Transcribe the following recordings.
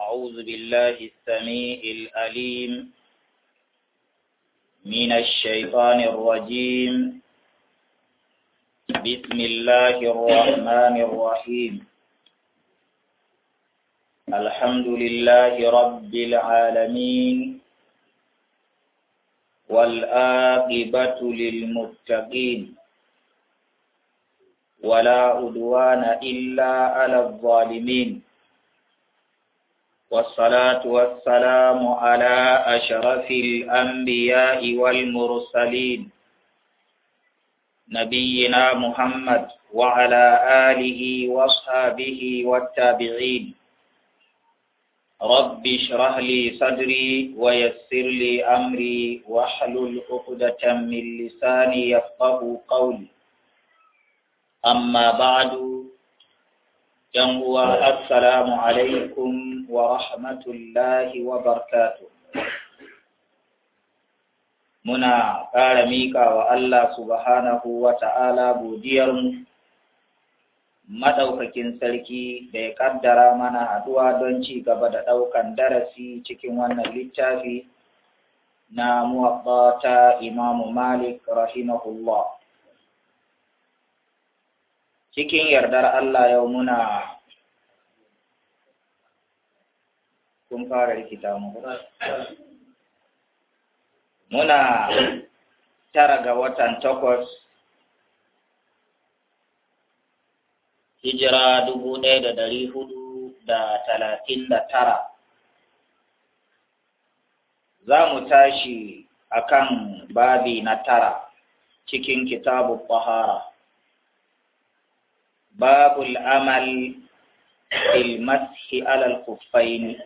أعوذ بالله السميع الأليم من الشيطان الرجيم بسم الله الرحمن الرحيم الحمد لله رب العالمين والآقبة للمتقين ولا عدوان إلا على الظالمين والصلاة والسلام على أشرف الأنبياء والمرسلين نبينا محمد وعلى آله وصحبه والتابعين رب اشرح لي صدري ويسر لي أمري واحلل عقدة من لساني يفقه قولي أما بعد yan uwa assalamu alaikum wa rahmatullahi wa barkatu. muna ƙara mika wa Allah subhanahu wa ta'ala godiyarmu maɗaukakin sarki da ya ƙaddara mana haɗuwa don ci gaba da ɗaukan darasi cikin wannan littafi na muwaɓɓa imam imamu malik rahimahullah cikin yardar Allah yau muna kun fara rikita mu muna tara ga watan takwas hijira dubu ɗaya da dari hudu da talatin da tara za mu tashi akan babi na tara cikin kitabu fahara باب العمل في المسح على الخفين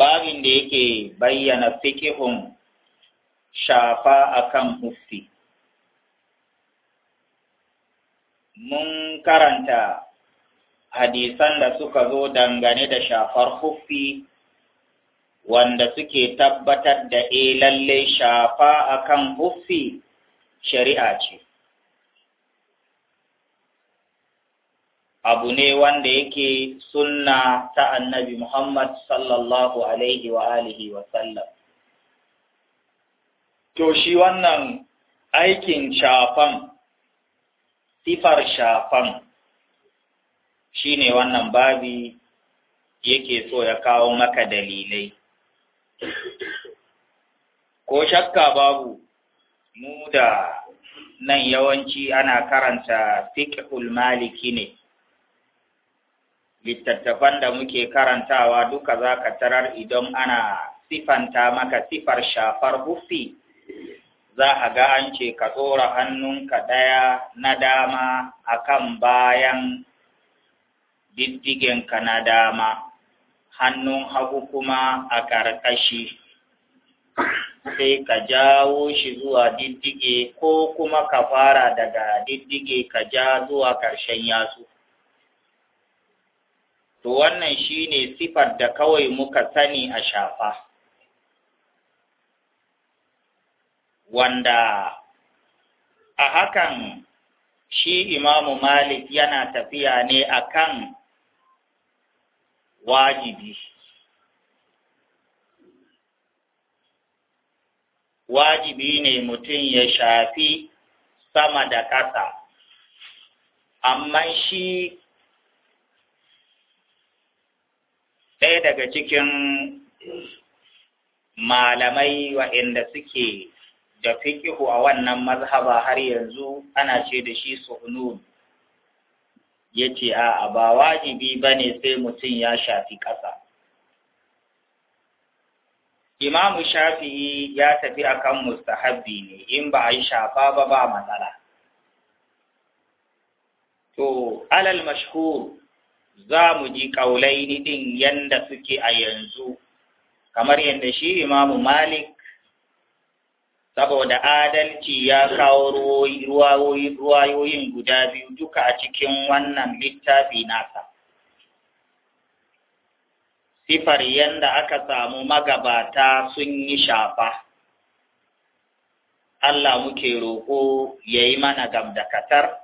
babin da yake bayyana fikihun shafa akan huffi mun karanta hadisan da suka zo dangane da shafar ufi wanda suke tabbatar da e lalle shafa akan huffi shari'a ce abu ne wanda yake sunna ta annabi Muhammad sallallahu alaihi wa alihi wa sallam. To shi wannan aikin shafan, tifar shafan shi ne wannan babi yake so ya kawo maka dalilai. Ko shakka babu, mu da nan yawanci ana karanta fiqhul maliki ne. littattafan da muke karantawa duka za ka tarar idan ana sifanta maka sifar shafar bufi za a ga an ce ka tsora hannunka ɗaya na dama a kan bayan diddigenka na dama hannun hagu kuma a ƙarƙashi sai ka jawo shi zuwa diddige ko kuma ka fara daga diddige ka ja zuwa ƙarshen yatsu. to wannan shine sifar da kawai muka sani a shafa wanda a hakan shi imamu malik yana tafiya ne akan wajibi wajibi ne mutum ya shafi sama da ƙasa amma shi ɗaya daga cikin malamai waɗanda suke da fikihu a wannan mazhaba har yanzu ana ce da shi suhunun ya ce a ba wajibi ba ne sai mutum ya shafi ƙasa imamu shafi'i ya tafi akan mustahabbi ne in ba a yi shafa ba ba matsala to alal mashhur za mu ji ƙaulaini ɗin yanda suke a yanzu, kamar yadda shi imamu Malik, saboda adalci ya kawo ruwayoyin guda biyu duka a cikin wannan littafi nasa. Sifar yanda aka samu magabata sun yi shafa. Allah muke roƙo ya yi mana gamdakatar.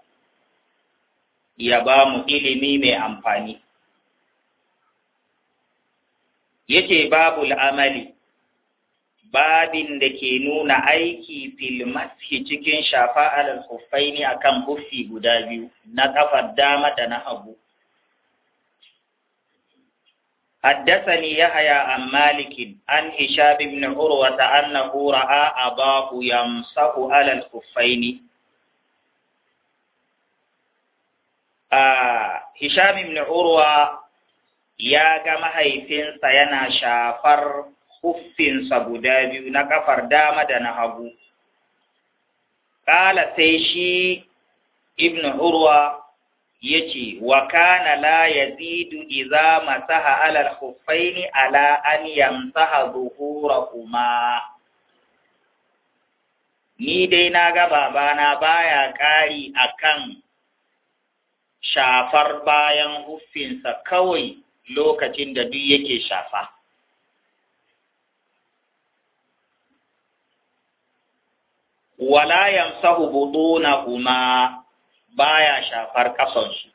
ya ba mu ilimi mai amfani. Yake babu amali babin da ke nuna aiki filmashi cikin shafa’ar alkufai akan a kan bufi guda biyu na ƙafar dama da na abu. ni ya haya an malikin an isha bin urwata an na hura a abahu ya musahu alal kufaini Hisham ibn Urwa ya ga mahaifinsa yana shafar huffinsa guda biyu na kafar dama da na hagu. Kala sai shi ibn Urwa ya ce, Wa kana la ya zidu iza masaha alal huffaini ala an yamsaha zuhura kuma. Ni dai na ga babana baya ƙari akan shafar bayan huffinsa kawai lokacin da duk yake shafa. sahu Wala na kuma baya shafar ƙasansu.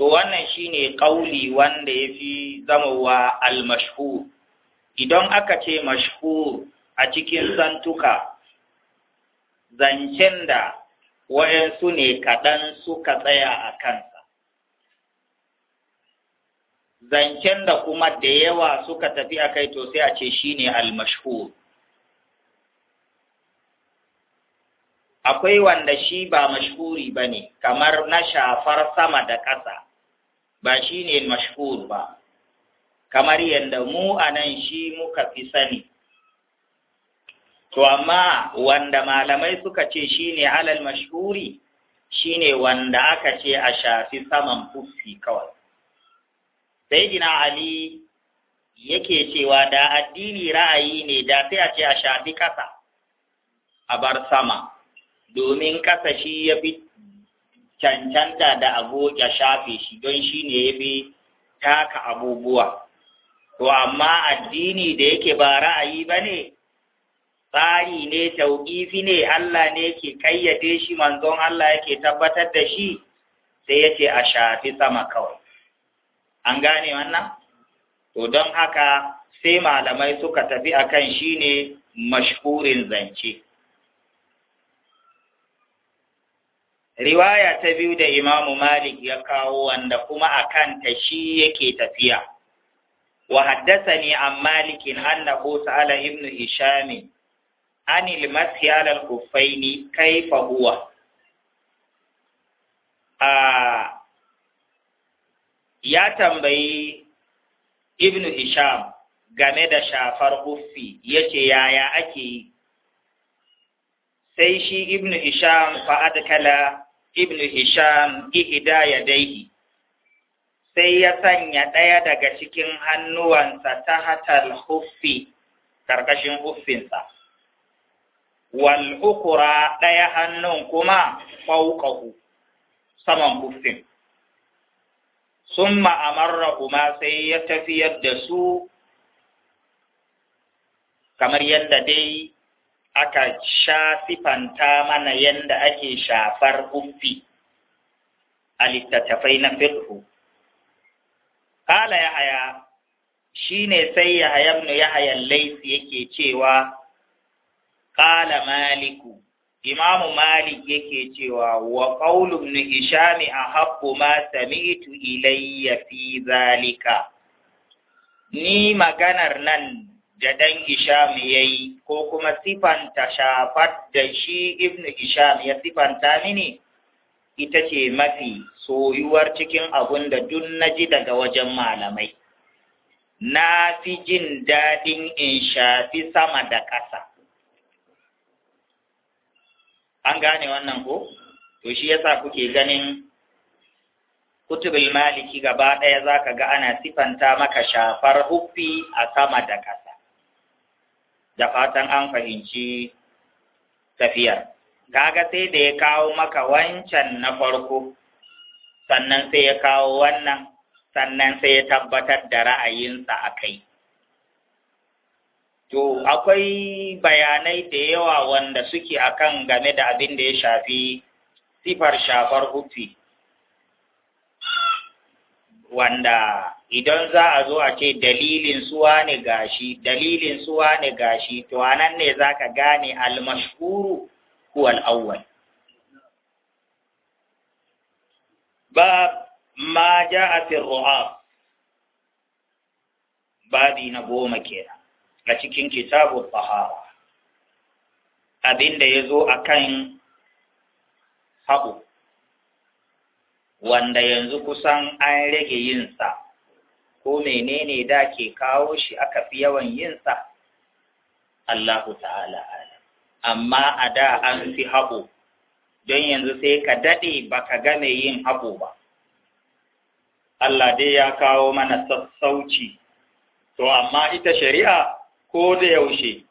To wannan shi ne ƙauli wanda ya fi zamowa wa Idan aka ce mashhur a cikin santuka, zancen da wa'yansu ne kaɗan suka tsaya a kansa. Zancen da kuma da yawa suka tafi a kai to sai a ce shi ne almashhur. Akwai wanda shi ba mashhuri ba ne, kamar na shafar sama da ƙasa, ba shi ne mashhur ba, kamar yadda mu a nan shi muka fi sani. to amma wanda malamai suka ce shi shine alal shi ne wanda aka ce a shafi saman fuffi kawai Sai gina ali yake cewa da addini ra'ayi ne da sai a ce a shafi kasa a bar sama domin kasa shi ya fi cancanta da ya shafe shi don shi ne ya fi taka abubuwa. To, amma addini da yake ba ra'ayi ba ne, tsari ne tauƙifi ne Allah ne ke kayyade shi manzon Allah yake tabbatar da shi sai ya ce a shafi sama kawai an gane wannan to don haka sai malamai suka tafi akan shi ne mashhurin zance riwaya ta biyu da imamu malik ya kawo wanda kuma a kanta shi yake tafiya wa haddasa ni an malikin ko sa'ala ibnu hishami anil masyal al kufaini kaifa huwa a ah, ya tambayi ibnu hisham game da shafar ya yace yaya ake yi sai shi ibnu hisham fa adkala ibnu hisham ya daihi sai ya sanya ɗaya daga cikin hannuwansa ta hatal huffi ƙarƙashin huffinsa wal ukura ɗaya hannun kuma fauƙahu saman Summa Sun ma'amarra kuma sai ya tafiyar da su kamar yadda dai aka sha sifanta mana yadda ake shafar buffi a littattafai na fiqhu. Kala ya haya shi ne sai ya hayamnu ya hayan laifi yake cewa Ƙala maliku imamu malik yake cewa wa qawlu ishami a ahabbu ma sami'tu ilayya fi zalika ni maganar nan da ishami ya yi ko kuma sifanta shafar da shi ibn hisham ya sifanta mini ita ce mafi soyuwar cikin abun da duk ji daga wajen malamai na fi jin daɗin in shafi sama da ƙasa an gane wannan ko to shi yasa kuke ganin kutubul maliki gaba ɗaya za ka ga ana sifanta maka shafar huffi a sama da ƙasa da fatan an fahimci tafiyar kaga sai da ya kawo maka wancan na farko sannan sai ya kawo wannan sannan sai ya tabbatar da ra'ayinsa a kai To, akwai bayanai da yawa wanda suke akan game da abin da ya shafi sifar shafar hufi, wanda idan za a zo a ce dalilin suwa ne gashi, dalilin suwa ne gashi, to anan ne za ka gane almashkuru ko al'awwal. Ba ma ja a babi na goma kenan. a cikin kitabu sahara abinda ya zo a kan haɓu wanda yanzu kusan an rage yinsa ko menene da ke kawo shi aka fi yawan yinsa Allahu ta'ala amma a da an fi haɓu, don yanzu sai ka daɗe baka game yin haɓu ba Allah dai ya kawo mana sassauci to amma ita shari'a ko da yaushe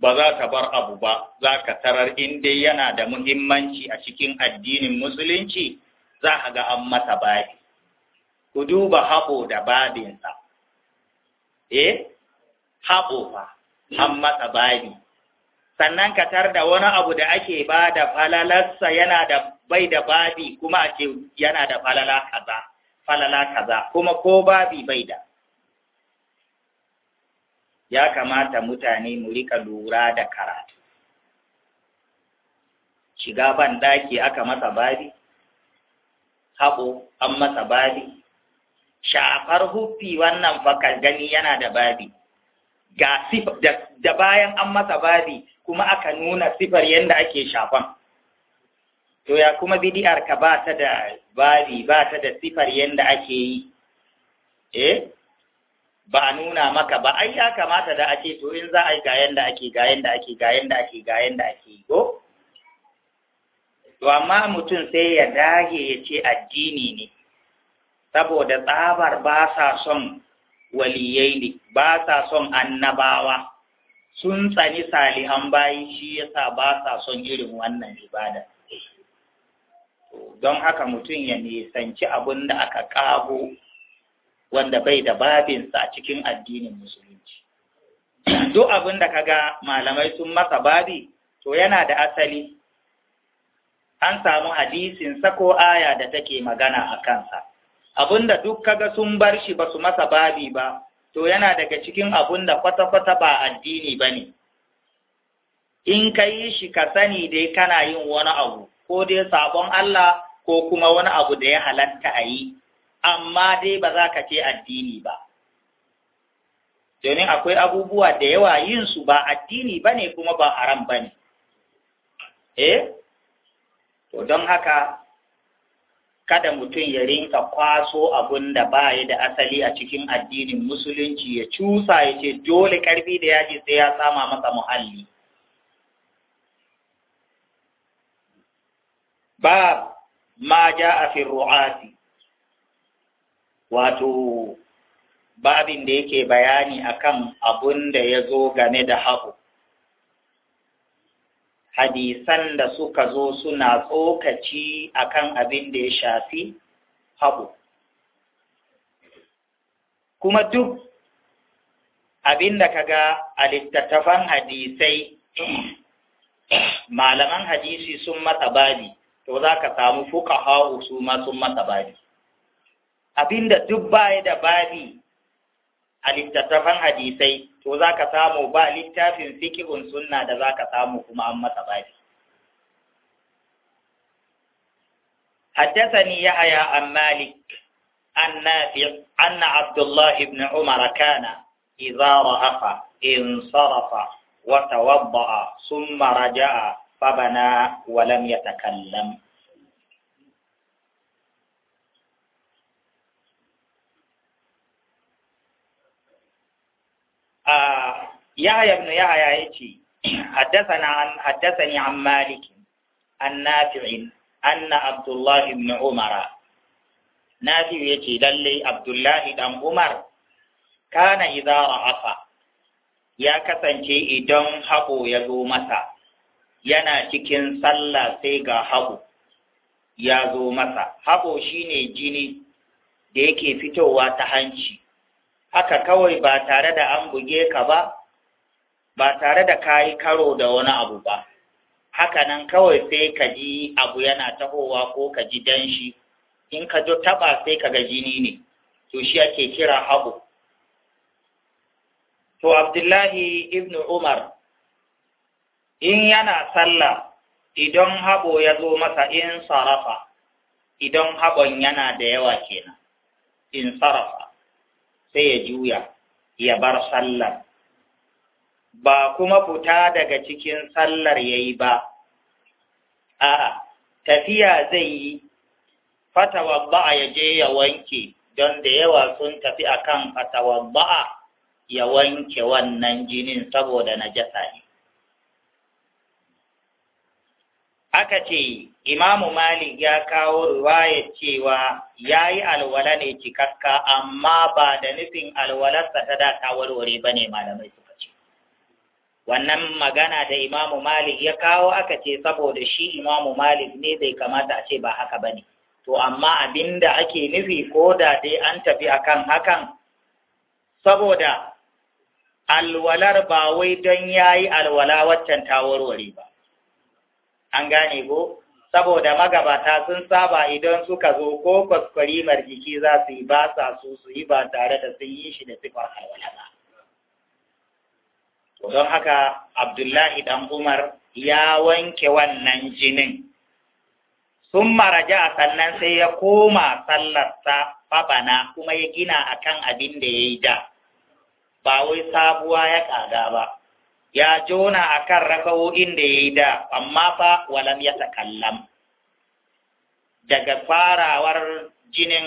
ba za ta bar abu ba za ka tarar in dai yana da muhimmanci a cikin addinin musulunci za ka ga an mata babi ku duba haɓo da babinsa eh haɓo fa an mata babi sannan ka tar da wani abu da ake ba da falalarsa yana da bai da babi kuma a yana da falala kaza falala kaza kuma ko babi bai da ya kamata mutane mu rika lura da karatu shiga ban daki aka masa babi haƙo an masa babi shafar huffi wannan fakar gani yana da babi ga da bayan an masa babi kuma aka nuna sifar yadda ake shafan to ya kuma bidiyar ka ba ta da babi ba ta da sifar yadda ake yi eh ba a nuna maka ba ai ya kamata da ake to in za a yi ga yanda ake gayen da ake gayen da ake gayen da ake go to amma mutum sai ya dage ya ce addini ne saboda tsabar ba sa son waliyai ne ba sa son annabawa sun tsani salihan bayi shi yasa ba sa son irin wannan ibada don haka mutum ya nisanci abin da aka ƙago wanda bai da babinsa a cikin addinin musulunci duk abin da kaga malamai sun masa babi to yana da asali an samu hadisin sako aya da take magana a kansa da duk kaga sun bar shi ba su masa babi ba to yana daga cikin abun da kwata-kwata ba addini ba ne in ka yi shi ka sani dai kana yin wani abu ko dai sabon Allah ko kuma wani abu da ya halatta a yi amma dai ba za ka ce addini ba domin akwai abubuwa da yawa yin su ba addini ba ne kuma ba haram ba ne eh to don haka kada mutum ya rinka kwaso abun da ba ya da asali a cikin addinin musulunci ya cusa ya ce dole karfi da yaji sai ya sama masa muhalli ba ma ja a fi ru'asi wato babin da yake bayani akan abun da ya zo game da haɓu. Hadisan da suka zo suna tsokaci akan abin da ya shafi haɓu. Kuma duk abin da ka ga a littattafan hadisai, malaman hadisi sun masa babi, to za ka samu fuka hau su ma sun masa babi. abinda duk baya da babi a littattafan hadisai to za ka samu ba littafin fikihun sunna da za ka samu kuma an masa babi حدثني يحيى عن مالك عن نافع أن عبد الله بن عمر كان إذا رأف انصرف وتوضأ ثم رجع فبنى ولم يتكلم yahya ibn yahya yace haddathana an haddathani an malik an nafi'in anna ibn umar ya yace lalle Abdullahi dan umar kana idza ra'afa ya kasance idan haɓo ya zo masa, yana cikin sallah sai ga haɓo ya zo masa. Haɓo shi ne jini da yake fitowa ta hanci, haka kawai ba tare da an buge ka ba ba tare da ka yi karo da wani abu ba haka nan kawai sai ka ji abu yana tahowa ko ka ji danshi in ka jo taba sai ka ga jini ne to shi ake kira habu to abdullahi ibn umar in yana sallah idan haɓo ya zo masa in sarafa idan haɓon yana da yawa kenan in sarafa sai ya juya ya bar sallar ba kuma fita daga cikin sallar yayi ba a'a tafiya zai yi fatawar ba'a ya je ya wanke don da yawa sun tafi akan fatawar ba'a ya wanke wannan jinin saboda na jasa ne aka ce imamu malik ya kawo riwayar cewa ya yi alwala ne cikakka amma ba da nufin alwalarsa ta da ta warware ba ne malamai suka ce wannan magana da imamu malik ya kawo aka ce saboda shi imamu malik ne bai kamata a ce ba haka ba ne to amma abin da ake nufi ko da dai an tafi akan hakan saboda alwalar ba wai don ya yi alwala waccan ta warware ba an gane ko saboda magabata sun saba idan suka zo ko kwaskwarimar jiki za su yi ba sa su su yi ba tare da sun yi shi da sifar harwala ba don haka abdullahi dan umar ya wanke wannan jinin sun maraja sannan sai ya koma sallarsa fabana kuma ya gina akan abin da ya yi da ba wai sabuwa ya ƙaga ba ya jona a akan raka'o'in da yi da amma fa walam ya takallam daga farawar jinin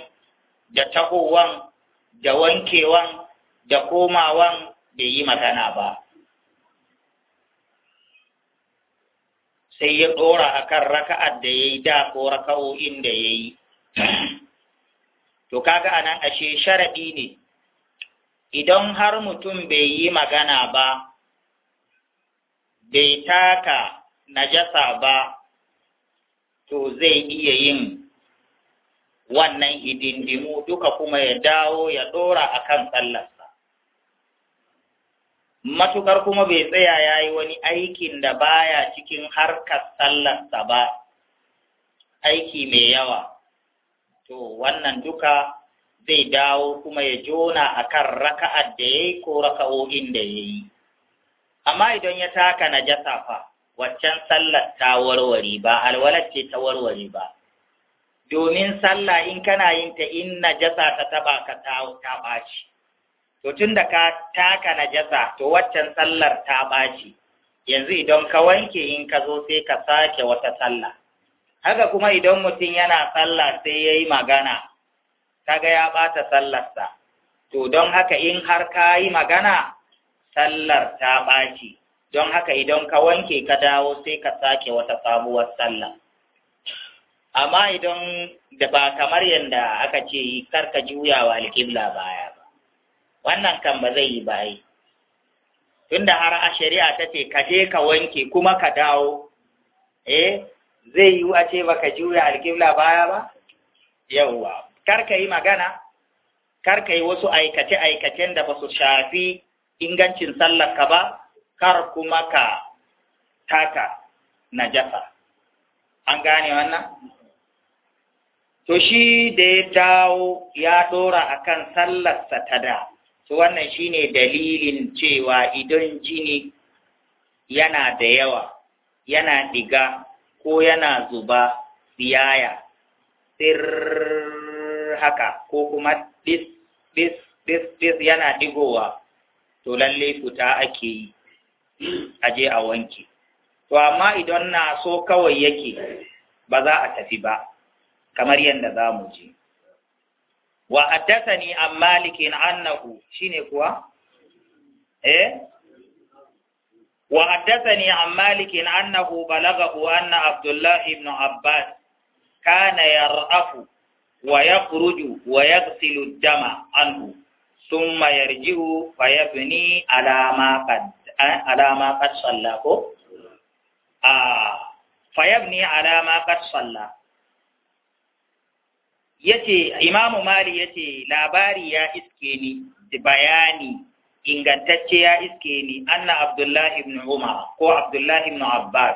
da tahowan da wankewan da komawan bai yi magana ba sai ya ɗora a kan raka'ar da ya yi da ko raka'o'in da yi. to kaga anan ashe sharaɗi ne idan har mutum bai yi magana ba bai taka najasa ba to zai iya yin wannan hidindimu duka kuma ya dawo ya ɗora a kan sallarsa matukar kuma bai tsaya ya yi wani aikin da baya cikin harkar sallarsa ba aiki mai yawa to wannan duka zai dawo kuma ya jona a kan raka'ar da ya yi ko raka'o'in da ya yi amma idan ya taka najasa fa waccan sallar ta warware ba alwalar ce ta warware ba domin sallah in kana yin ta in na jasa ta taba ka ta baci to tunda ka taka na jasa to waccan sallar ta ɓaci yanzu idan ka wanke in ka zo sai ka sake wata sallah haka kuma idan mutum yana sallah sai ya yi magana kaga ya ɓata sallarsa to don haka in har ka yi magana sallar ta ɓaci don haka idan ka wanke ka dawo sai ka sake wata sabuwar sallah amma idan da ba kamar yadda aka ce karka juyawa alƙibla baya ba wannan kan ba zai yi bayi tunda har a shari'a ta ce ka je ka wanke kuma ka dawo eh zai yi a ce baka juya alƙibla baya ba yawwa karka yi magana karka yi wasu aikace-aikacen da ba su shafi ingancin sallar ka ba kar kuma ka taka najasa an gane wannan to shi da ya dawo ya dora akan sallarsa ta da to wannan shine dalilin cewa idan jini yana da yawa yana diga ko yana zuba siyaya sir haka ko kuma dis dis dis dis yana digowa to lalle fita ake yi aje a wanke to amma idan na so kawai yake ba za a tafi ba kamar yadda za mu je wa haddathani an malikin annahu ne kuwa eh wa haddathani an malikin annahu balaghahu anna abdullah ibn abbas kana yar'afu wa yakhruju wa yaghsilu dama anhu ثم يرجع فيبني على ما قد على ما قد صلى ko ah fayabni ala ma qad yace imamu mali yace labari ya iske ni bayani ingantacce ya iske ni anna abdullahi ibn umar ko abdullahi ibn abbas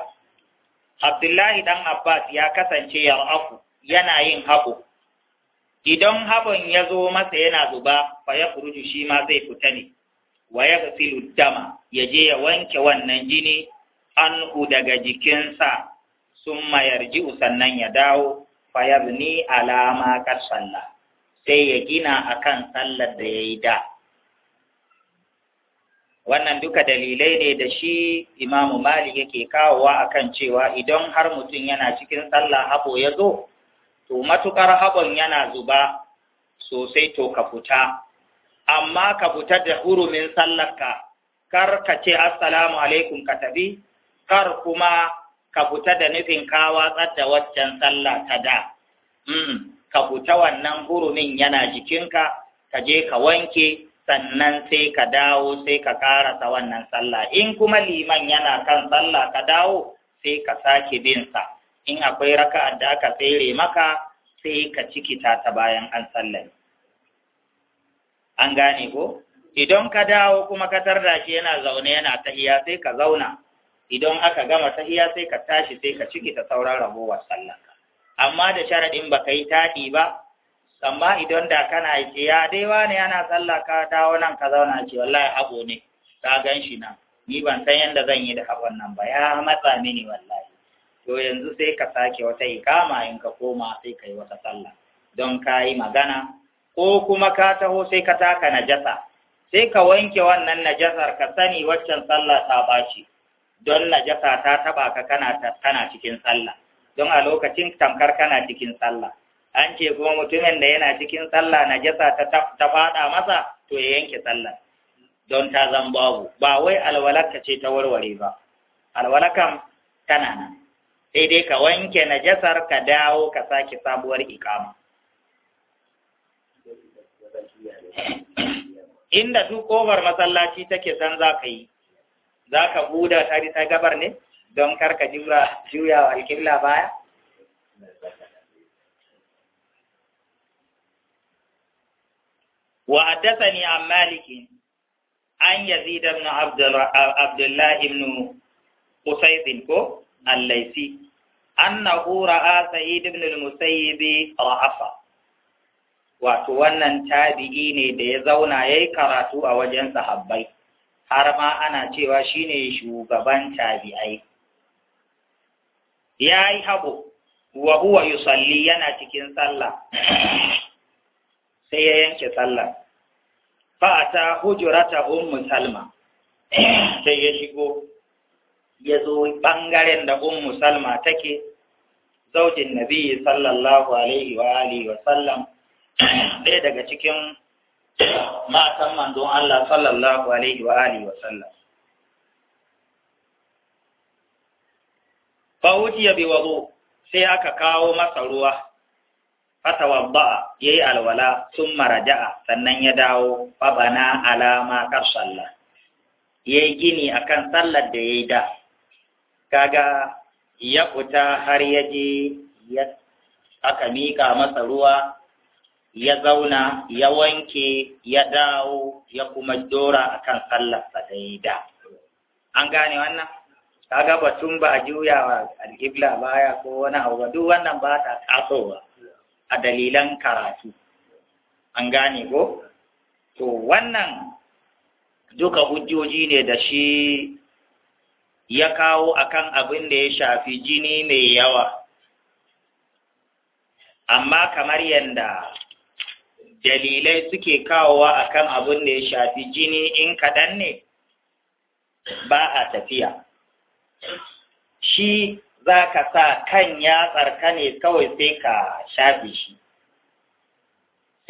abdullahi dan abbas ya kasance yar'afu yana yin haƙo idan haban ya zo masa yana zuba fa ya furuju shi ma zai fita ne wa ya gasilu dama ya je ya wanke wannan jini anhu daga jikinsa sun mayarji sannan ya dawo fa ya ni alama kar sallah sai ya gina a kan sallar da ya yi da wannan duka dalilai ne da shi imamu Malik yake kawowa akan cewa idan har mutum yana cikin sallah habo ya zo to matuƙar haɓon yana zuba sosai to ka fita, amma ka fita da hurumin sallarka, kar ka ce assalamu alaikum ka tabi, kar kuma ka fita da nufin kawa da waccan sallah ta da. Ka fita wannan hurumin yana jikinka, ka je ka wanke, sannan sai ka dawo sai ka karasa wannan sallah in kuma liman yana kan sallah ka dawo sai ka sake binsa. in akwai raka da aka tsere maka sai ka cikita ta bayan an sallame an gane ko idan ka dawo kuma ka tarda shi yana zaune yana tahiya sai ka zauna idan aka gama tahiya sai ka tashi sai ka cikita sauran ragowar sallanka amma da sharaɗin ba ka yi taɗi ba amma idan da kana ce ya dai wani yana sallah ka dawo nan ka zauna ce wallahi hago ne ka gan shi nan ni ban san yadda zan yi da haƙon nan ba ya matsa mini wallahi to yanzu sai ka sake wata ikama in ka koma sai ka yi wata sallah don ka yi magana ko kuma ka taho sai ka taka najasa sai ka wanke wannan najasar ka sani waccan sallah ta bace don najasa ta taba ka kana kana cikin sallah don a lokacin tamkar kana cikin sallah an ce kuma mutumin da yana cikin sallah najasa ta ta fada masa to ya yanke sallah don ta zan babu ba wai alwalarka ce ta warware ba alwalakam tana nan sai dai ka wanke najasar ka dawo ka sake sabuwar ikama inda duk ƙofar masallaci take san za ka yi za ka buɗe ta ta gabar ne don karka juya wa alƙibla baya Wa وحدثني عن a maliki, an بن عبد Abdullahi ibn قصيد ko? al-laisi annahu ra'a sa'id ibn al-musayyib ra'afa wato wannan tabi'i ne da ya zauna yayi karatu a wajen sahabbai har ma ana cewa shine shugaban tabi'ai yayi habu wa huwa yusalli yana cikin sallah sai ya yanke sallah fa ata hujrata ummu salma sai ya shigo ya zo ɓangaren da ummu salma take zaujin nabi sallallahu alaihi wa alihi wa sallam ɗaya daga cikin matan manzon Allah sallallahu alaihi wa alihi wa sallam fa utiya bi wudu sai aka kawo masa ruwa Fata ya yayi alwala mara ja'a, sannan ya dawo fa bana alama kar sallah yayi gini akan sallar da yayi da kaga ya fita har ya je ya aka miƙa masa ruwa ya zauna ya wanke ya dawo ya kuma dora a kan sallarsa da. an gane wannan kaga batun ba a juyawa alƙibla baya ko wani abu duk wannan ba ta tasowa a dalilan karatu an gane ko to wannan duka hujjoji ne da shi ya kawo akan abin da ya shafi jini mai yawa amma kamar yadda dalilai suke kawowa akan abin da ya shafi jini in kaɗan ne ba a tafiya shi za ka sa kan ya tsarka ne kawai sai ka shafe shi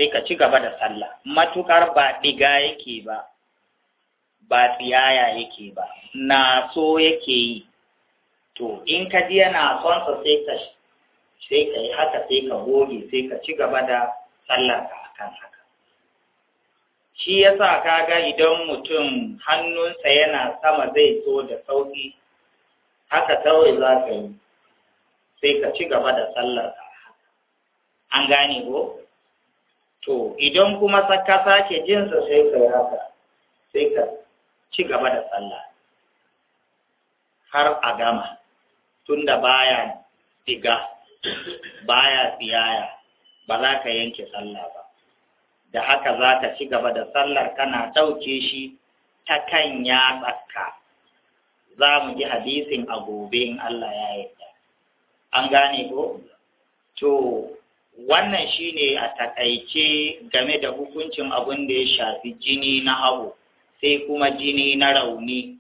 sai ka ci gaba da sallah matukar ba ɗiga yake ba ba tsiyaya yake ba na so yake yi to in ka ji yana son sa sai ka sai ka yi haka sai ka goge sai ka ci gaba da ka akan haka shi yasa kaga idan mutum hannunsa yana sama zai so da sauki haka kawai za ka yi sai ka ci gaba da haka. an gane ko to idan kuma ka sake jinsa sai ka yi haka sai ka ci gaba da sallah har a gama tunda baya diga baya tsiyaya ba za ka yanke sallah ba da haka za ka ci gaba da sallar kana ɗauke shi ta kan ya yatsarka za mu ji hadisin a gobe in Allah ya yarda an gane ko to wannan shine a takaice game da hukuncin abin da ya shafi jini na hawo sai kuma jini na rauni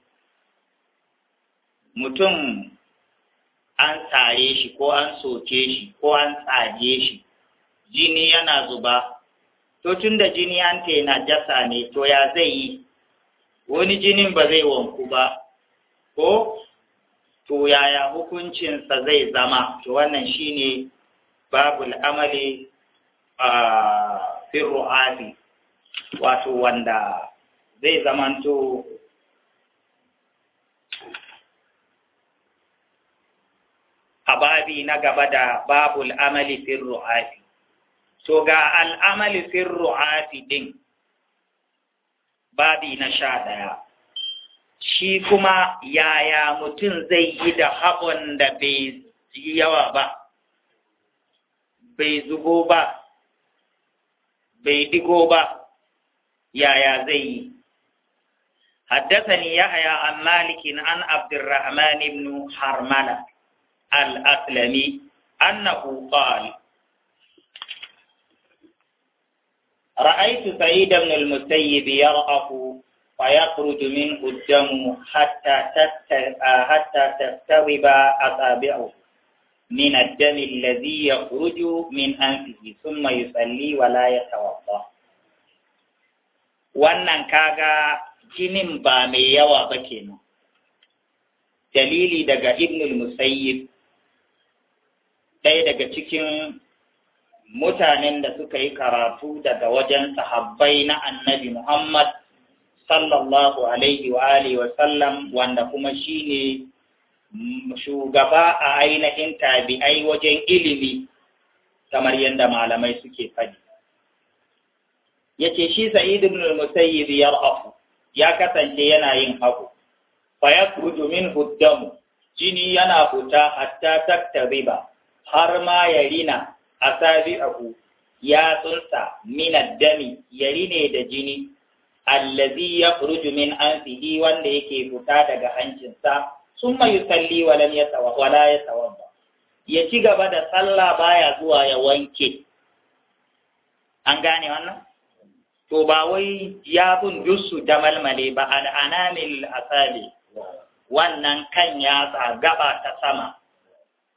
mutum an tsare shi ko an soke shi ko an tsage shi jini yana zuba to tun da jini an yana jasa ne to ya zai yi wani jinin ba zai wanku ba ko to yaya hukuncinsa zai zama to wannan shi ne babul amali a ah, firru'ati wato wanda zai zamanto a babi na gaba da babu amali fi ru'afi to ga al'amali fi ru'afi din babi na sha ɗaya shi kuma yaya mutum zai yi da haɓon da bai yawa ba bai zubo ba bai digo ba yaya zai yi حدثني يحيى عن مالك عن عبد الرحمن بن حرملة الأسلمي أنه قال رأيت سعيد بن المسيب يرأف فيخرج منه الدم حتى حتى تستوب أصابعه من الدم الذي يخرج من أنفه ثم يصلي ولا يتوضأ. وأن كاغا jinin ba mai yawa ba kenan dalili daga ibnul musayyib ɗaya daga cikin mutanen da suka yi karatu daga wajen sahabbai na annabi Muhammad sallallahu alaihi wa alihi wanda kuma shine shugaba a ainihin tabi'ai wajen ilimi kamar yadda malamai suke faɗi yace shi sa'id ibn al-musayyib yarhafu ya kasance yana yin hagu fa yakhruju minhu jini yana fita hatta taktariba har ma yarina. rina asabi'ahu ya tsunsa min dami ya rine da jini allazi yakhruju min anfihi wanda yake fita daga hancinsa Sun mayu wa wala ya wala yatawadda ya ci gaba da sallah baya zuwa ya wanke an gane wannan to ba wai bun dusu da malmale ba al'anamil asali wannan kan yatsa gaba ta sama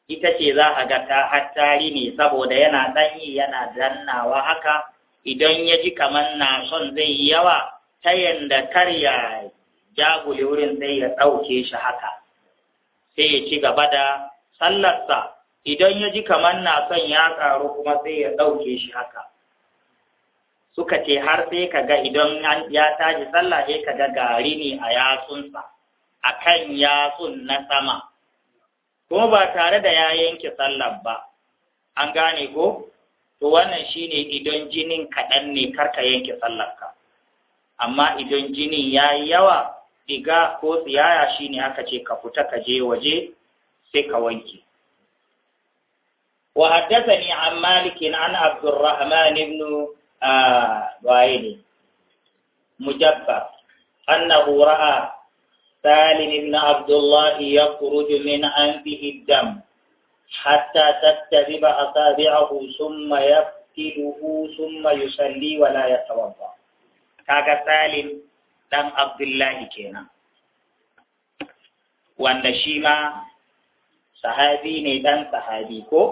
ita ce za a ga ta hattari ne saboda yana danyi yana dannawa haka idan ya ji kamar na son zai yi yawa ta yanda kar jagule wurin zai ya ɗauke shi haka sai ya ci gaba da sallarsa idan ya ji kamar na son ya ƙaru kuma sai ya ɗauke shi haka suka ce har sai ka ga idan ya tashi sallah sai ka ga gari ne a yatsunsa a kan yatsun na sama ko ba tare da ya yanke sallah ba an gane ko to wannan shine idan jinin kaɗan ne karka yanke sallarka amma idan jinin ya yi yawa diga ko tsiyaya shine aka ce ka fita ka je waje sai ka wanke وحدثني عن مالك عن عبد الرحمن بن بعين آه، مجبر أنه رأى سالم بن عبد الله يخرج من أنفه الدم حتى تكتذب أصابعه ثم يفتله ثم يصلي ولا يتوضأ كاكا سالم دم عبد الله كينا وأن شيما صحابي sahabi صحابيكو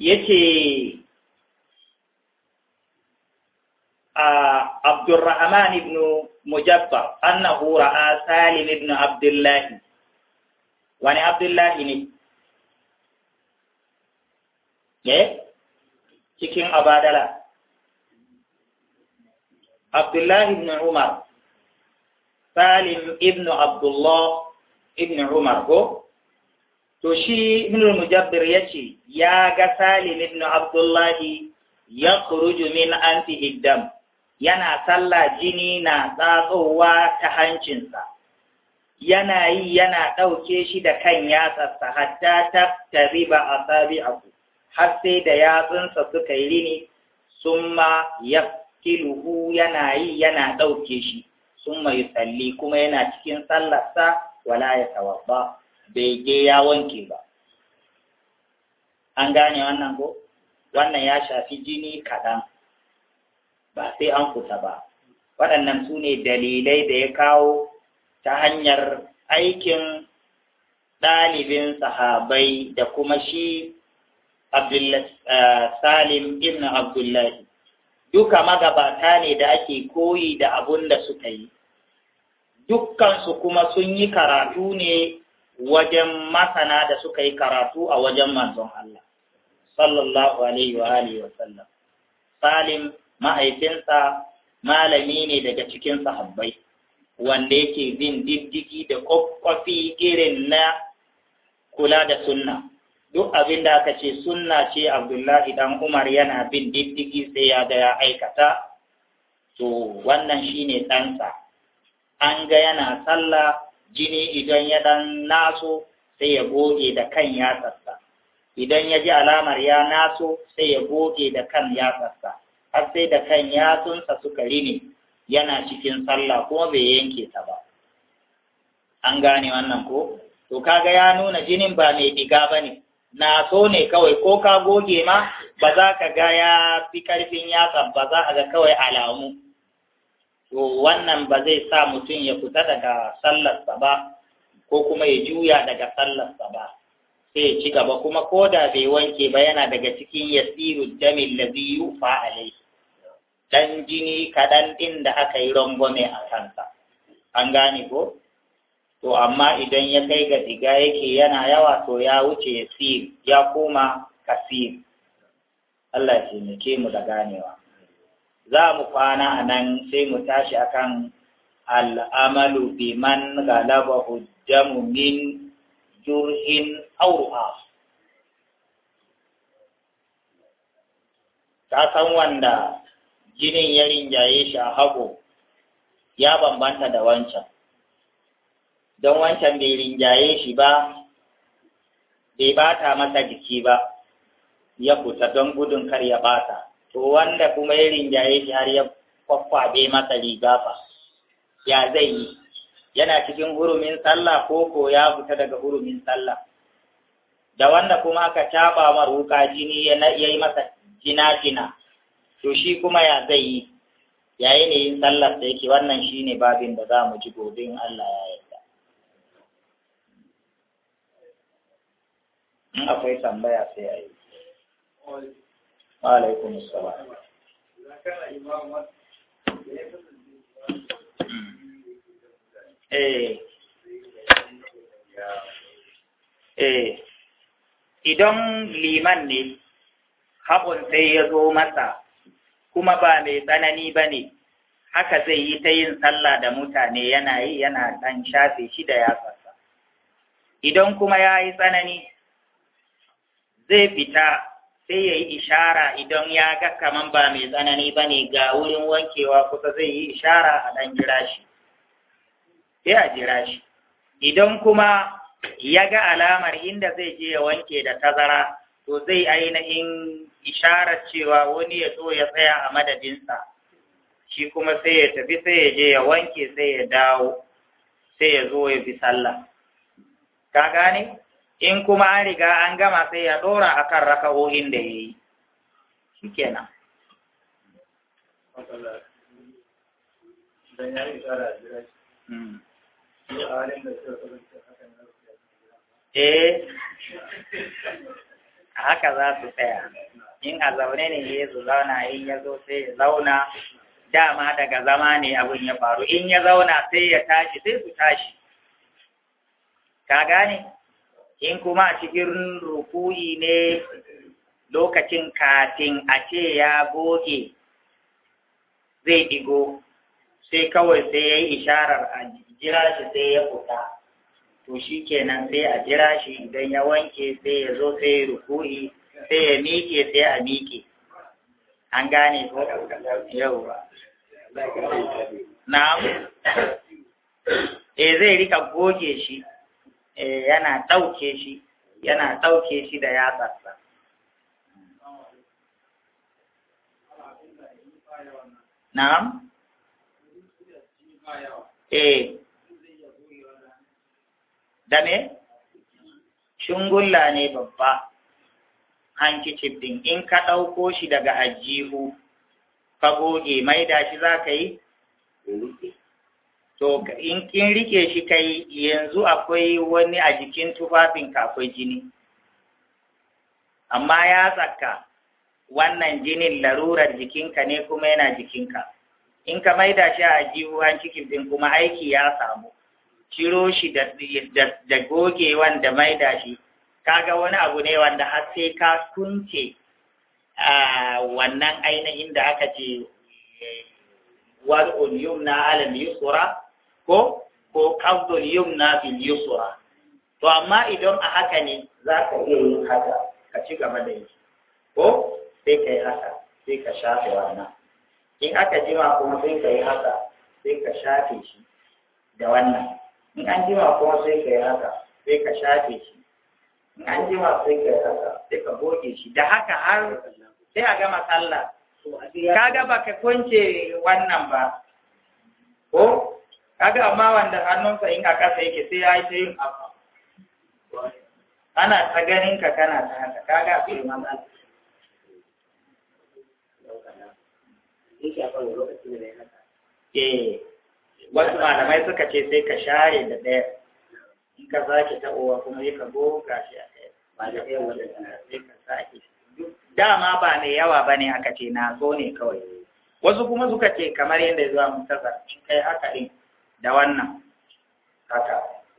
يتي Abdurrahman ibn Mujabbar annahu ra'a Salim ibn Abdullah wani Abdullah ne eh cikin abadala Abdullah ibn Umar Salim ibn Abdullah ibn Umar ko to shi ibn Mujabbir yace ya ga Salim ibn Abdullah ya khuruju min antihi dam yana sallah jini na tsatsowa ta hancinsa yana yi yana ɗauke shi da kan yatsarsa hatta ta tari ba a sabi abu har sai da yatsunsa suka yi rini sun ma ya kiluhu yana yi yana ɗauke shi sun mai tsalli kuma yana cikin sallarsa wala ya tawabba bai je ya wanke ba an gane wannan ko wannan ya shafi jini kaɗan ba sai an fita ba waɗannan su ne dalilai da ya kawo ta hanyar aikin ɗalibin sahabai da kuma shi eh, salim ibn abdullahi duka magabata ne da ake koyi da abun da suka yi dukkansu kuma sun yi karatu ne wajen masana da suka yi karatu a wajen manzon Allah sallallahu alaihi wa wa sallam salim mahaifinsa malami ne daga cikin sahabbai wanda yake bin diddigi da kwakwafi irin na kula da sunna duk abin da aka ce sunna ce abdullahi dan umar yana bin diddigi sai ya ga ya aikata to wannan shine ɗansa an ga yana sallah jini idan ya dan naso sai ya goge da kan yatsarsa idan ya ji alamar ya naso sai ya goge da kan ya yatsarsa har sai da kan yatsunsa sukari ne, yana cikin sallah kuma bai yanke ta ba an gane wannan ko to kaga ya nuna jinin ba mai diga ba ne na so ne kawai ko ka goge ma ba za ka ga ya fi karfin yatsa ba za a ga kawai alamu to wannan ba zai sa mutum ya fita daga sallarsa ba ko kuma ya juya daga sallarsa ba sai ya ci gaba kuma ko da bai wanke ba yana daga cikin yasiru jamil ladhi yufa Dan jini kaɗan ɗin da aka yi rangwame a kansa an gane ko to amma idan ya kai ga diga yake yana yawa to ya wuce sir ya koma kasir Allah ya taimake mu da ganewa za mu kwana a nan sai mu tashi akan al'amalu man galaba hujjamu min jurhin auru'a ta san wanda jinin ya rinjaye shi a hagu ya bambanta da wancan don wancan bai rinjaye shi ba bai bata masa jiki ba ya kusa don gudun kar ya bata to wanda kuma ya rinjaye shi har ya kwakwabe masa riga fa ya zai yi yana cikin hurumin sallah ko ko ya fita daga hurumin sallah da wanda kuma aka caba maruka, wuka jini ya yi masa jina-jina to shi kuma ya zai yi ya yanayin sallar da yake wannan shi ne babin da za mu ji gobe in Allah ya yarda in akwai tambaya sai a yi Wa'alaikun Musa eh. eh. Idan liman ne, haƙun sai ya zo masa kuma ba mai tsanani ba ne haka zai yi ta yin sallah da mutane yana yi yana ɗan shafe shi da yatsarsa idan kuma ya yi tsanani zai fita sai ya yi ishara idan ya ga kaman ba mai tsanani ba ne ga wurin wankewa kusa zai yi ishara a ɗan jira shi sai a jira shi idan kuma ya ga alamar inda zai je ya wanke da tazara to zai ainihin isharar cewa wani ya zo ya tsaya a madadinsa shi kuma sai ya tafi sai ya je ya wanke sai ya dawo sai ya zo ya bi sallah ka gane in kuma an riga an gama sai ya ɗora a kan raka'o'in da ya yi. yayi shikenan hmm. Eh, haka za su tsaya. in a zaune ne ya zo zauna in ya zo sai ya zauna dama daga zama ne abin ya faru in ya zauna sai ya tashi sai su tashi ka gane in kuma a cikin ruku'i ne lokacin katin a ce ya goge zai ɗigo. sai kawai sai ya yi isharar a jira shi sai ya fita to shi kenan sai a jira shi idan ya wanke sai ya zo sai ruku'i sai ya miƙe sai a miƙe an gane ko yau na'am eh zai rika goge shi eh, yana ɗauke shi yana ɗauke shi da yatsarsa na'am eh da me shungulla ne babba hankicif ɗin in ka ɗauko shi daga ajihu ka goge maida shi za ka yi? To, in kin rike shi kai yanzu akwai wani a jikin tufafinka akwai jini. Amma ya tsaka wannan jinin larurar jikinka ne kuma yana jikinka. In ka maida shi a ajihu hankicif ɗin kuma aiki ya samu, ciro shi da gogewan da maida shi kaga wani abu ne wanda har sai ka kunce wannan ainihin da aka ce wad'ul yumna alal yusra ko ko qabdul yumna bil yusra to amma idan a haka ne za ka iya yin haka ka ci gaba da yi ko sai ka yi haka sai ka shafe wannan in aka jima kuma sai ka yi haka sai ka shafe shi da wannan in an jima kuma sai ka yi haka sai ka shafe shi an ji ma sai ka sai ka goge shi da haka har sai a gama sallah kaga ba ka kwance wannan ba ko kaga amma wanda hannunsa in a ƙasa yake sai ya yi ta yin abu ana ta ganin ka kana ta haka ka ga kaga akwai matsala Eh, wasu malamai suka ce sai ka share da ɗaya ka sake taɓowa kuma yi ka goga shi a kai dama ba mai yawa ba ne aka ce na so ne kawai wasu kuma suka ce kamar yadda zuwa mutasa kai haka ɗin da wannan haka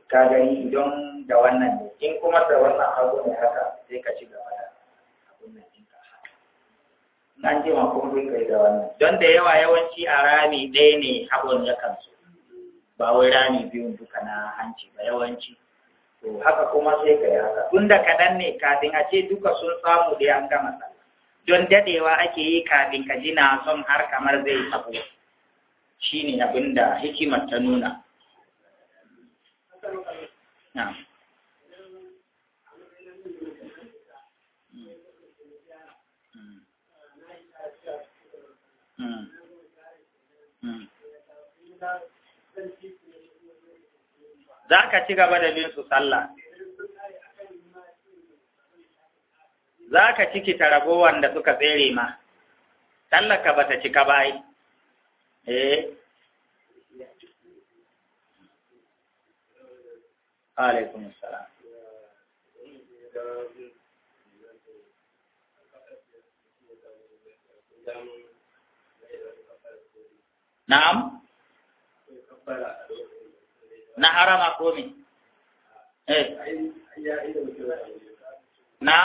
ka gani idan da wannan ne in kuma da wannan hagu ne haka sai ka ci gaba da abun nan din ka haka nan ji ma kuma sai kai da wannan don da yawa yawanci a rami ɗaya ne hagun ya kansu ba wai rami biyun duka na hanci ba yawanci to haka kuma sai ka yi haka tunda kaɗan ne kafin a ce duka sun samu da an gama don dadewa ake yi kafin ka ji na son har kamar zai tabo ne abin da hikimar ta nuna Mm. Mm. za ka ci gaba da bin su sallah za ka ciki taragowar da suka tsere ma tallaka ba ta cika bai eh alaikum salam na'am na harama ko me eh na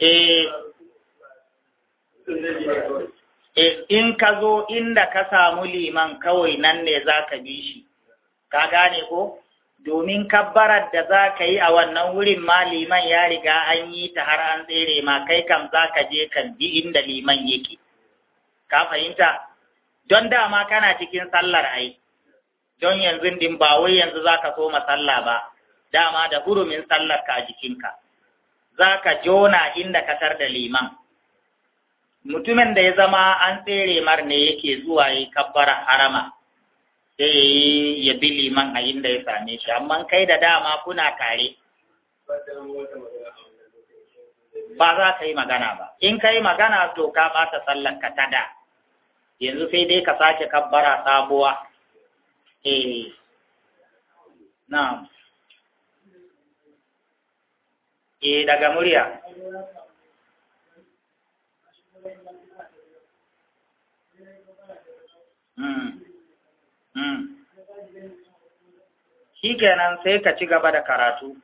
eh. eh in ka zo inda ka samu liman kawai nan ne za ka bi shi, ka gane ko? Domin kabbarar da za ka yi a wannan wurin ma liman ya riga an yi ta har an tsere ma kai kam za ka je kan bi inda liman yake, ka fahimta? Don dama kana cikin sallar ai, don yanzu din ba wai yanzu za ka so masalla ba dama da hurumin sallar ka a jikinka zaka jona inda ka tar da liman mutumin da ya zama an tsere mar ne yake zuwa yi kabbara harama sai ya bi liman a inda ya same shi amma kai da dama kuna tare. ba za ka yi magana ba in ka yi magana to ka ta sallar ka ta yanzu sai dai ka sake kabbara sabuwa eh na'am E, daga murya hmm, hmm. Shi sai ka ci gaba da karatu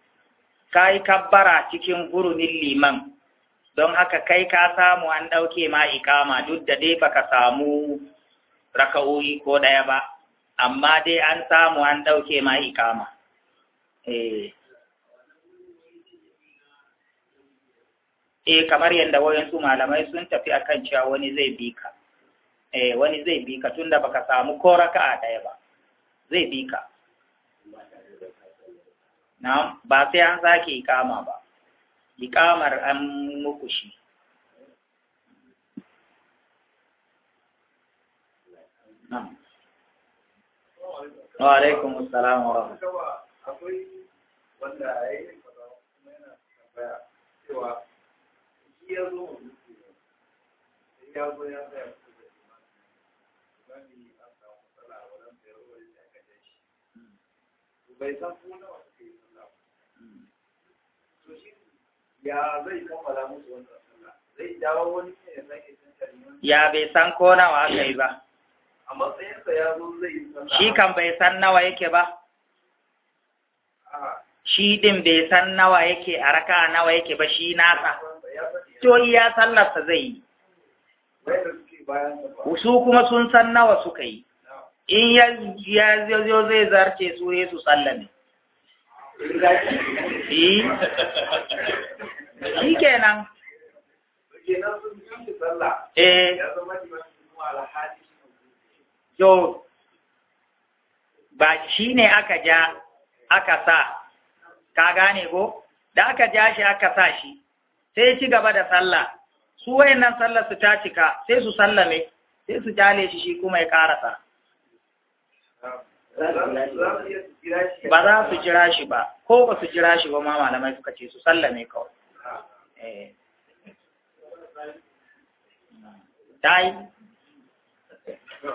ka yi kabbara cikin hurumin liman don haka kai ka samu an ɗauke ma ikama duk da dai baka samu raka'o'i ko ɗaya ba amma dai an samu an ɗauke ma ikama. e eh. eh, kamar yadda wayansu malamai sun tafi akan cewa wani zai bi ka eh, wani zai bi ka tunda baka samu ko raka'a ɗaya ba zai bi ka na ba sai an sake ikama ba ikamar an mukushi shi Wa alaikum assalam wa rahmatullahi. Akwai wanda ya yi kuma yana tambaya cewa shi ya zo mu ya zo ya da imani. an samu matsala a wurin da ya shi. Bai san ko nawa suka yi sallah shi ya zai kammala musu wannan sallah. Zai dawo wani ya sake Ya bai san ko nawa aka yi ba. shi kan bai san nawa yake ba shi din bai san nawa yake a raka nawa yake ba shi nasa to iya sallarsa zai yi su kuma sun san nawa suka yi in ya zo zai zarce su ne su sallame eh. shi kenan eh so ba shi ne aka ja aka sa ka gane ko da aka ja shi aka sa shi sai ci gaba da sallah su wayannan sallar su ta cika sai su sallame sai su jale shi shi kuma ya karasa ba za su jira shi ba ko ba su jira shi ba ma malamai suka ce su sallame kawai Dai. Eh. yi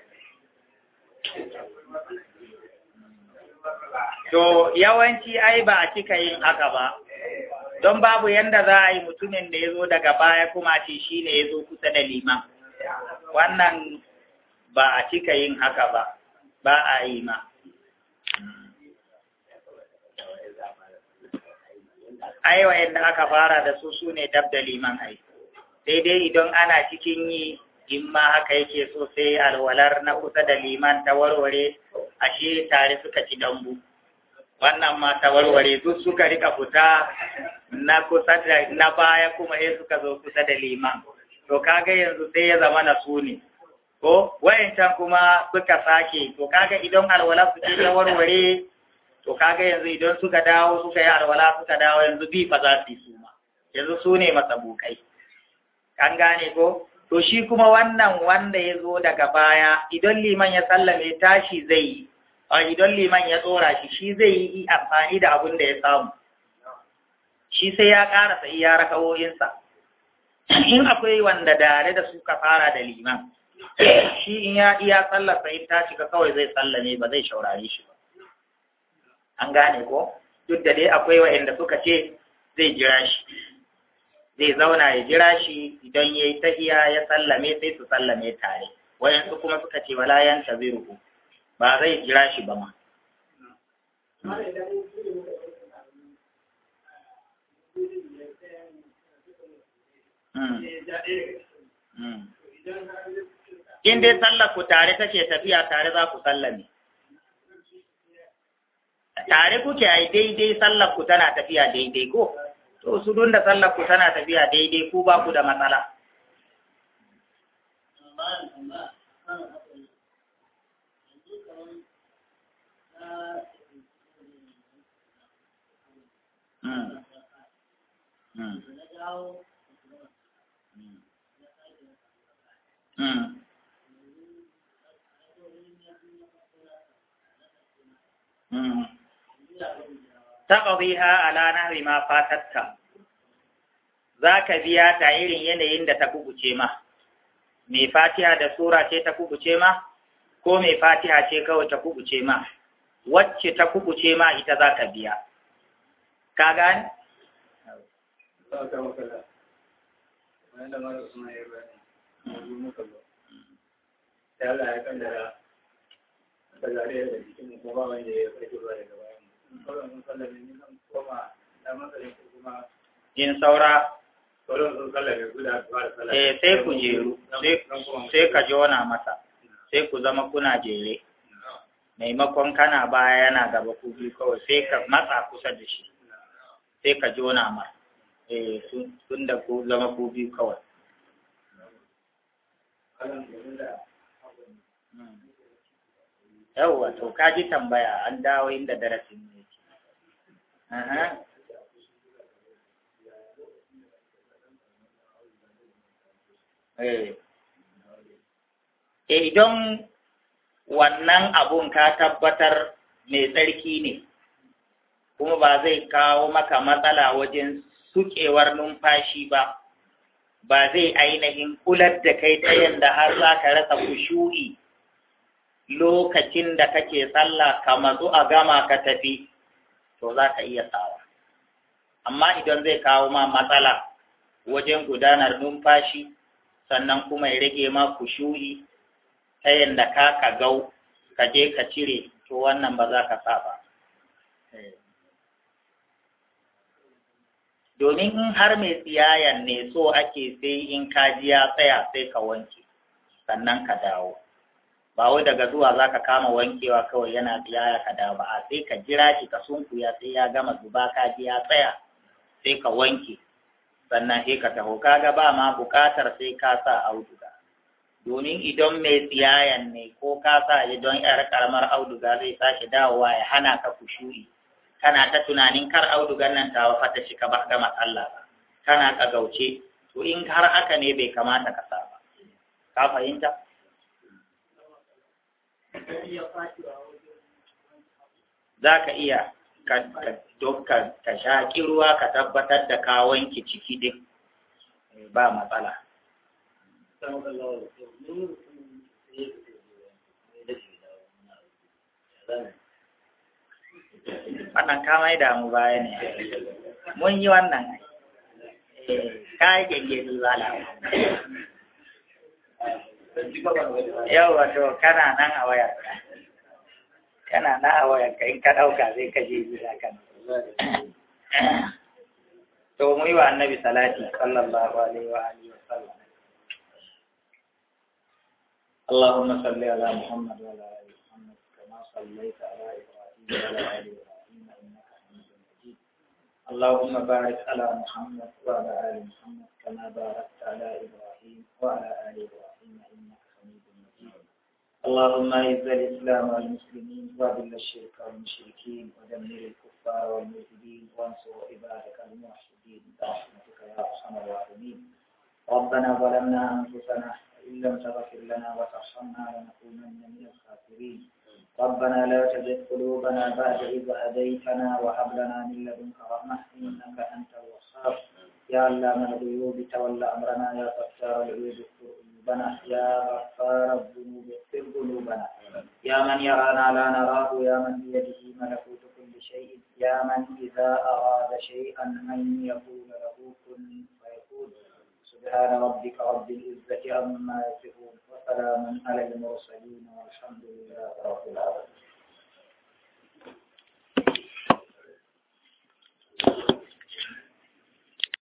To yawanci ai ba a cika yin haka ba, don babu yanda za a yi mutumin da ya zo daga baya kuma ce shi ne ya zo kusa da liman. Wannan ba a cika yin haka ba, ba a yi ma. Ai, yadda aka fara da su su ne dab da liman ai, daidai idan ana cikin yi in ma haka yake so sai alwalar na kusa da liman ta warware ashe tare suka ci dambu wannan ma ta warware duk suka rika fita na kusa da na baya kuma sai suka zo kusa da liman to kaga yanzu sai ya zama na su ne ko wayancan kuma suka sake to kaga idan alwala su ce warware to kaga yanzu idan suka dawo suka yi alwala suka dawo yanzu bi fa za su yi su ma yanzu su ne masabukai an gane ko to shi kuma wannan wanda ya zo daga baya idan liman ya sallame tashi zai yi a idan liman ya tsora shi shi zai yi amfani da abin da ya samu shi sai ya ƙarasa iya rakawoyinsa in akwai wanda dare da suka fara da liman shi in ya iya tsallasa in tashi cika kawai zai tsallame ba zai shaurari shi ba an gane ko duk da dai akwai wa'inda suka ce zai jira shi zai zauna ya jira shi idan ya yi tahiya ya sallame sai su sallame tare wayansu kuma suka ce wala yan taziruhu ba zai jira shi ba ma hmm. Hmm. In dai sallar ku tare take tafiya tare za ku sallame. Tare kuke ai daidai sallar ku tana tafiya daidai ko? to su da sallar ku tana tafiya daidai ku ba ku da matsala Mm. hmm taqdiha ala nahwi ma fatatta zaka biya ta irin yanayin da ta kubuce ma mai fatiha da sura ce ta kubuce ma ko mai fatiha ce kawai ta kubuce ma wacce ta kubuce ma ita zaka biya ka gane Allah ya kandara da zare da jikin kuma ba wanda ya fito ba daga in saura eh sai ku jeru sai ka jona masa sai ku zama kuna jere maimakon kana baya yana gaba ku biyu kawai sai ka matsa kusa da shi sai ka jona ma eh tun da ku zama ku biyu kawai yawwa to ka ji tambaya an dawo inda darasin Eh. eh don wannan abun ka tabbatar mai tsarki ne, kuma ba zai kawo maka matsala wajen sukewar numfashi ba, ba zai ainihin kular da kai ta yadda har za ka rasa kushu'i lokacin da kake sallah ka matsu a gama ka tafi. to za ka iya sawa amma idan zai kawo ma matsala wajen gudanar numfashi sannan kuma ya rage ma kushu'i ta yadda ka ka gau ka je ka cire to wannan ba za ka sa ba domin in har mai tsiyayan ne so ake sai in kaji ya tsaya sai ka wanke sannan ka dawo ba wai daga zuwa za ka kama wankewa kawai yana tsiyaya ka kada ba a sai ka jira shi ka sunkuya sai ya gama zuba ka ji ya tsaya sai ka wanke sannan sai ka taho kaga ba ma buƙatar sai ka sa auduga domin idan mai tsiyayan ne ko ka sa don yar karamar auduga zai sake dawowa ya hana ka kushuri kana ta tunanin kar audugan nan ta wafa ta ka ba gama sallah ba kana gauce to in har haka ne bai kamata ka sa ba ka fahimta za ka iya ka shaƙi ruwa ka tabbatar da ka wanke ciki din eh, ba matsala wannan kamai damu baya ne mun yi wannan eh, ka yi zalawa yau wato kana nan a in ka ɗauka zai ka je gida kan to mu yi wa annabi salati sallallahu alaihi wa alihi wa sallam Allahumma salli ala Muhammad wa ala ali Muhammad kama sallaita ala Ibrahim wa ala ali Ibrahim innaka Hamidum Majid ala Muhammad wa ala ali Muhammad kama barakta ala Ibrahim wa ala اللهم اعز الاسلام والمسلمين واذل الشرك والمشركين ودمر الكفار والمرتدين وانصر عبادك الموحدين برحمتك يا ارحم الراحمين ربنا ظلمنا انفسنا وان لم تغفر لنا وترحمنا لنكونن من الخاسرين ربنا لا تزغ قلوبنا بعد اذ هديتنا وهب لنا من لدنك رحمه انك انت الوهاب يا علام الغيوب تول امرنا يا فتار العيوب اذكر ذنوبنا يا غفار الذنوب اغفر ذنوبنا يا من يرانا لا نراه يا من بيده ملكوت كل شيء يا من إذا أراد شيئا أن يقول له كن فيكون سبحان ربك رب العزة عما يصفون وسلام على المرسلين والحمد لله رب العالمين